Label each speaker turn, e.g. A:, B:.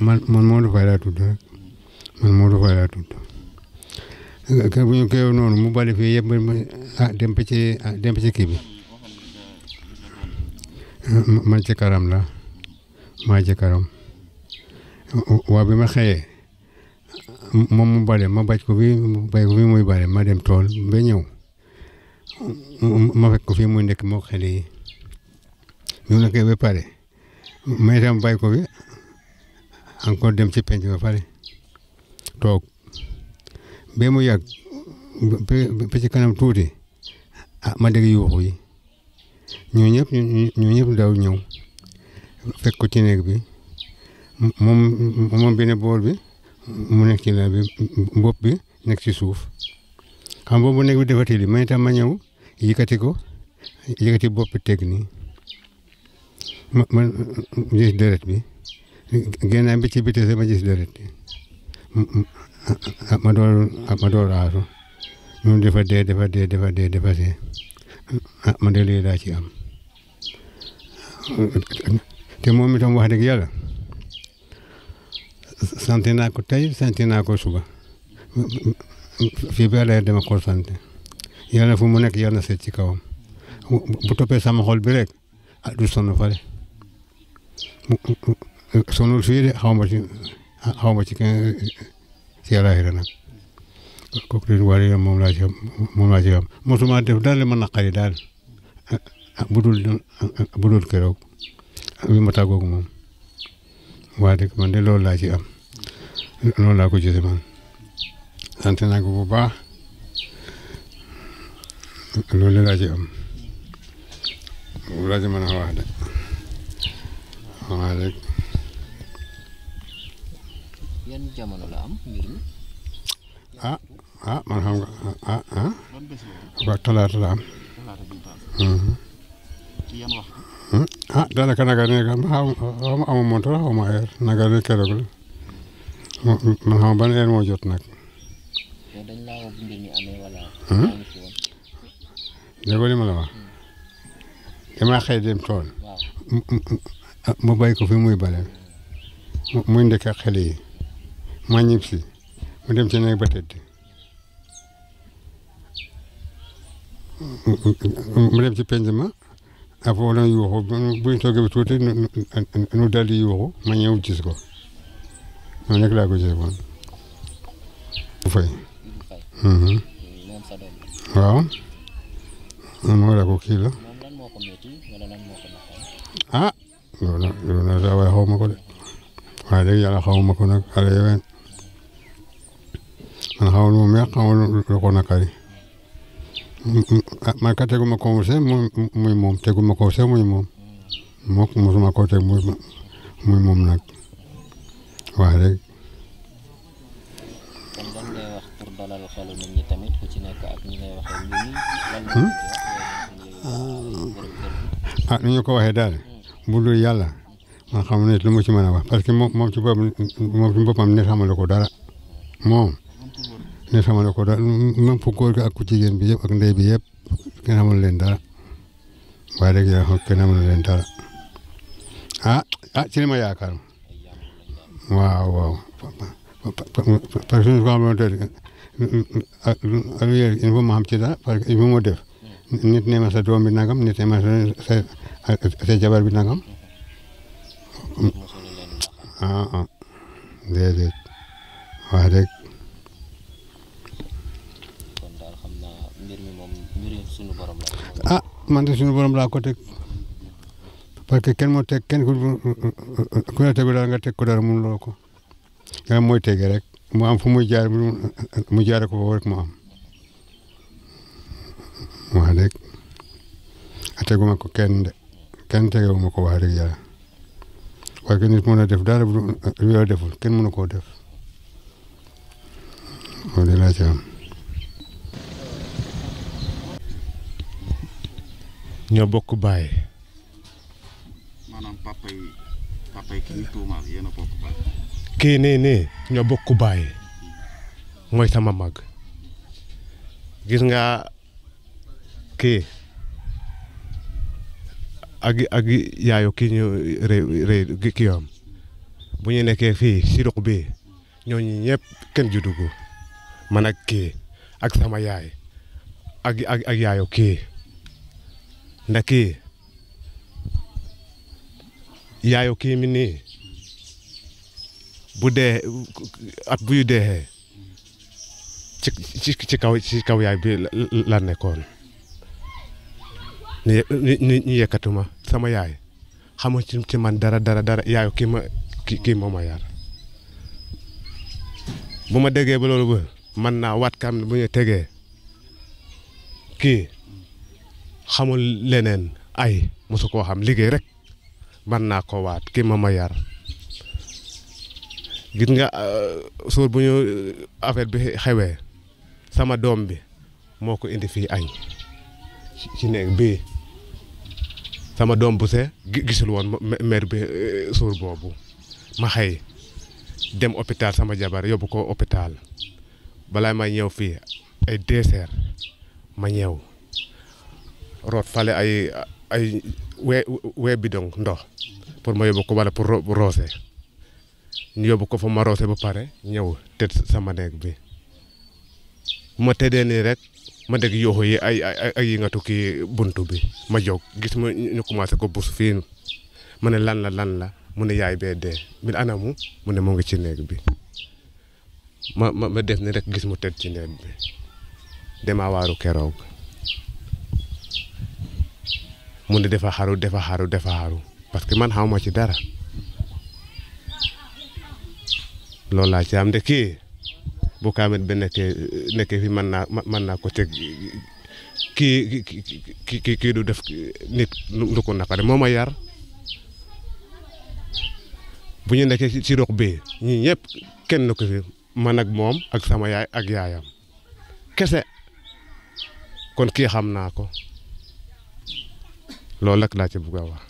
A: man man Modou Faye laa tudd rek man Modou Faye laa tudd kër bu ñu koy noonu mu bale fii yëpp ah dem ci ah kii bi man ci karam la maa ci karam waa bi ma xëyee moom mu bale ma baj ko fii mu bay ko fii muy bale ma dem tool ba ñëw ma fekk ko fii muy nekk moo xale yi ñu ne ko ba pare ma itam bay ko fii encore dem ci penc ba pare toog ba mu yàgg ba ci kanam tuuti ah ma dégg yuuxu yi ñoo ñëpp ñoo ñëpp daw ñëw fekk ko ci néeg bi moom moom benn bool bi mu nekk ci la bi bopp bi nekk ci suuf kam boobu néeg bi dafa tëdd man ma ñëw yëkkati ko yëkkati bopp bi teg nii ma ma deret bi génnaay bi ci biti sama gis deret ah, ma door ah, ma door aasu ñun dafa dee dafa dee dafa dee dafa dee ah, ma de lii laa ci am te moom itam wax dëgg yàlla sant naa ko tey sant naa ko suba fii ba leer dama ko sant yàlla fu mu nekk yàlla na seet ci kawam bu toppee sama xol bi rek ah du sonn fale sonul fii de xaw ma ci xaw ma ci kenn ci àllaaxira nag kooku de wàllu yoon moom laa ci am moom laa ci am mosuma def daal li ma naqari daal bu dul keroog bi ma tàggoog moom waa dëgg man de loolu laa ci am loolu laa ko gisee man sant naa bu baax loolu laa ci am loolu laa ci mën a wax de waaw rek yan jamono la am mbir mi. ah ah man xam nga ah ah. ah. waaw talaata la am. Mhm. Hmm? ah daanaka nag a nekk xaw ma amu montre xaw ma heure nag a nekk keroog la man xam ban heure moo jot nag. Hmm? déggoo li ma la wax hmm. damaa xëy dem tool ah, mu bàyyi ko fi muy bale muy ndekk ak xale yi. ma ñib si dem ci néeg ba tëdd mu dem ci penc ma afoo na yuuxu bu ñu toogee bi tuuti nu dal yuuxu ma ñëw gis ko noonu rek laa ko gis woon fay mhm. ko kii la ah loolu nag loolu nag xaw ma ko de waaye dëgg yàlla xaw ma ko nag xale yeween man xaw ma meex xaw ma lu ko naqari mm, mm, man ka teguma ko se muy moom teguma ko se muy moom mook mosuma ko muy moom nag wax rek. a ni ñu hmm? ah, ko waxee daal bu dul yàlla man xam ne lu mu ci mën a wax parce que moom moom ci boppam moom ci ko dara moom. ñu xamal ko daal même fu góor gi ak jigéen bi yëpp ak ndey bi yëpp kenn xamul leen dara waaye rek yaa xam kenn xamul leen dara ah, ah ci li ma yaakaar waaw waaw parce que ko xamante ne il nit ne ma sa doom bi nangam nit ne ma sa jabar bi nangam ah ah déedéet daal xam naa mbir mi moom mbiru ah, suñu borom laa ko teg parce que kenn moo teg kenn ku la tegu daal nga teg ko dara mun loo ko nga mooy tege rek mu am fu mu jaar mu jaare ko foofu rek mu am wax dëgg teguma ko kenn de kenn tegewuma ko wax dëgg yàlla parce nit mën a def dara bu yàlla deful kenn mënu koo def loolu laa ci
B: ñoo bokk baay. maanaam papa yi nee nee ñoo bokk baay mooy sama mag gis nga kii ak ak yaayu kii ñu ré ré kii am bu ñu nekkee fii si ruq bi ñooñu ñëpp kenn juddu ko man ak kii ak sama yaay ak ak ak nda kii yaayu kii mi nii bu dee at buy dee ci ci ci kaw ci kaw yaay bi la nekkoon ni ni ni yëkkatuma sama yaay xamu ci ci man dara dara dara yaayu kii ma kii moo ma yar bu ma déggee ba loolu ba man naa waat kam bu ñu tegee kii. xamul leneen ay mosu koo xam liggéey rek man naa ko waat ki ma ma yar gis nga euh, suur bu ñu euh, affaire bi xewee sama doom bi moo ko indi fii añ ci nekk bi sama doom bu see gisul woon mère bi euh, suur boobu ma xëy dem hôpital sama jabar yóbbu ko hôpital balaa may ñëw fii ay deux ma ñëw root fale ay ay wee wee ndox pour ma yóbbu ko wala pour roose ñu yóbbu ko fa ma roose ba pare ñëw tëdd sama néeg bi bu ma tëddee nii rek ma degg yooxu yi ay ay ay nga tukki buntu bi ma jóg gis ma ñu commencé ko bus fii ma ne lan la lan la mu ne yaay bee dee mi anamu mu ne mu ngi ci néeg bi ma ma def ni rek gis mu tëdd ci néeg bi damaa waaru keroog. mu ne defa xaru defa xaru defa xaru parce que man moo ci dara loolu laa ci am de kii bu kaamet ba nekkee nekkee fi mën naa mën naa ko teg kii kii kii du def nit lu ko naqare moo ma yar bu ñu nekkee ci roq bi ñii ñëpp kenn ko fi man ak moom ak sama yaay ak yaayam kese kon kii xam naa ko. loolu rek laa ci bëgg a wax.